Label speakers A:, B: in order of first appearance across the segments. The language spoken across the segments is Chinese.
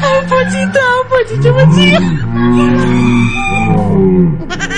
A: Ah, pode dar, pode dar, pode dar.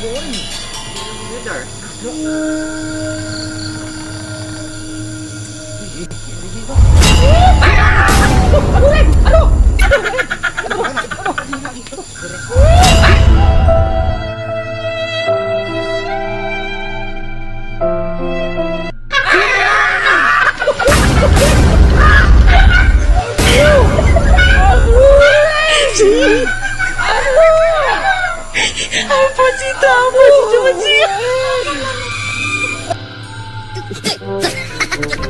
B: boring. You're dark. Ano? Ano? Ano? Ano? Ano? Ano? Ano?
A: 打我，你对对。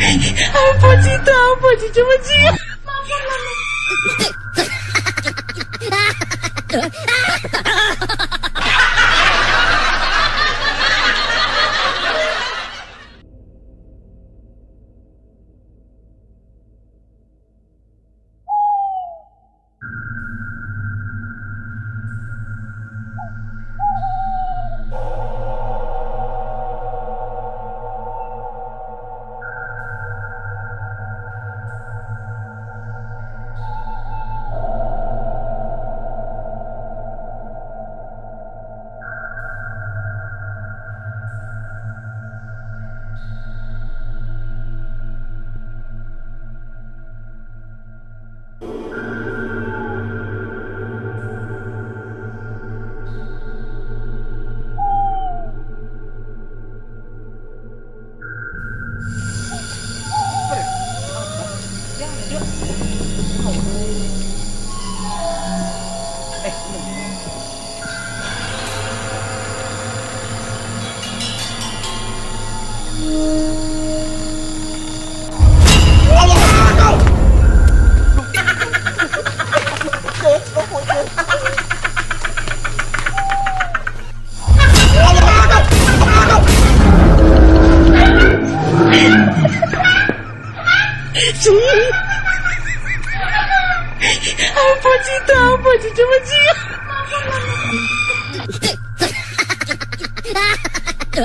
A: 啊，不知道，不知道怎么记。真，我不记得，不记，怎么记？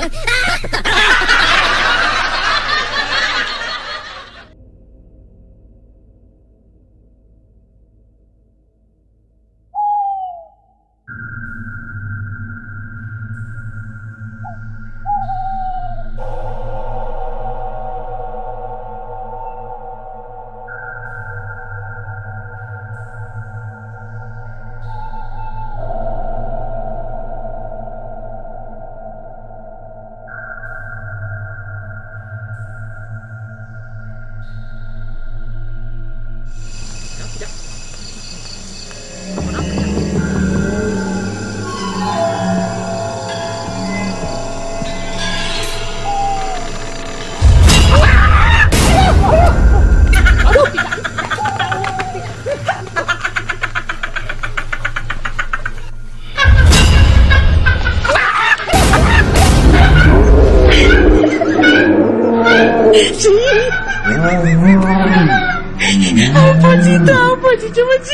A: 我不知道，不知怎么记。